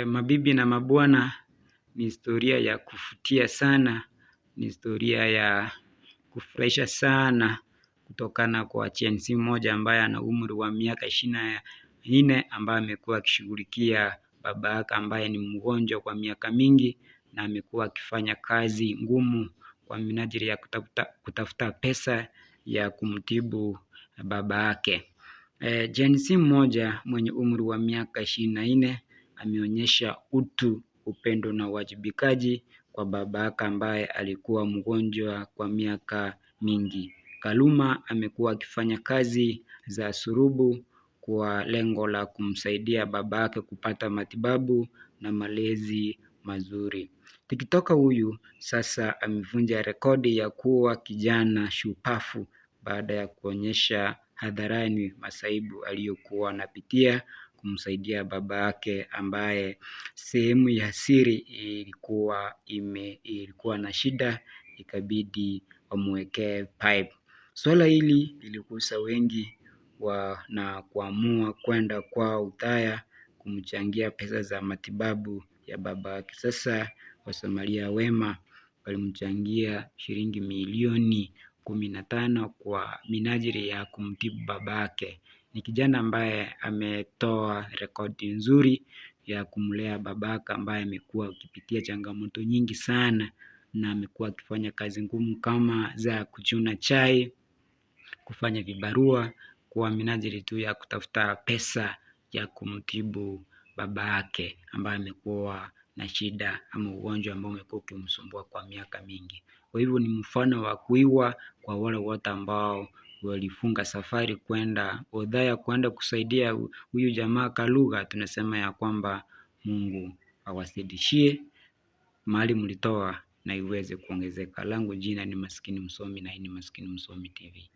Eh, mabibi na mabwana ni historia ya kuvutia sana, ni historia ya kufurahisha sana kutokana kwa Gen Z mmoja ambaye ana umri wa miaka ishirini na nne ambaye amekuwa akishughulikia baba yake ambaye ni mgonjwa kwa miaka mingi na amekuwa akifanya kazi ngumu kwa minajili ya kutafuta, kutafuta pesa ya kumtibu baba yake. E, eh, Gen Z mmoja mwenye umri wa miaka ishirini na nne ameonyesha utu, upendo na uwajibikaji kwa babake ambaye alikuwa mgonjwa kwa miaka mingi. Kaluma amekuwa akifanya kazi za surubu kwa lengo la kumsaidia babake kupata matibabu na malezi mazuri. Tikitoka huyu sasa amevunja rekodi ya kuwa kijana shupavu baada ya kuonyesha hadharani masaibu aliyokuwa anapitia kumsaidia baba yake ambaye sehemu ya siri ilikuwa ime, ilikuwa na shida ikabidi wamwekee pipe. Swala hili liligusa wengi wa, na kuamua kwenda kwao Uthaya kumchangia pesa za matibabu ya baba yake. Sasa Wasamaria wema walimchangia shilingi milioni kumi na tano kwa minajili ya kumtibu babake. Ni kijana ambaye ametoa rekodi nzuri ya kumlea babake ambaye amekuwa akipitia changamoto nyingi sana na amekuwa akifanya kazi ngumu kama za kuchuna chai, kufanya vibarua kwa minajili tu ya kutafuta pesa ya kumtibu babake ambaye amekuwa na shida ama ugonjwa ambao umekuwa ukimsumbua kwa miaka mingi. Kwa hivyo ni mfano wa kuigwa kwa wale wote ambao walifunga safari kwenda Odhaya kwenda kusaidia huyu jamaa Kaluga, tunasema ya kwamba Mungu awasidishie mali mlitoa na iweze kuongezeka. Langu jina ni Maskini Msomi na hii ni Maskini Msomi TV.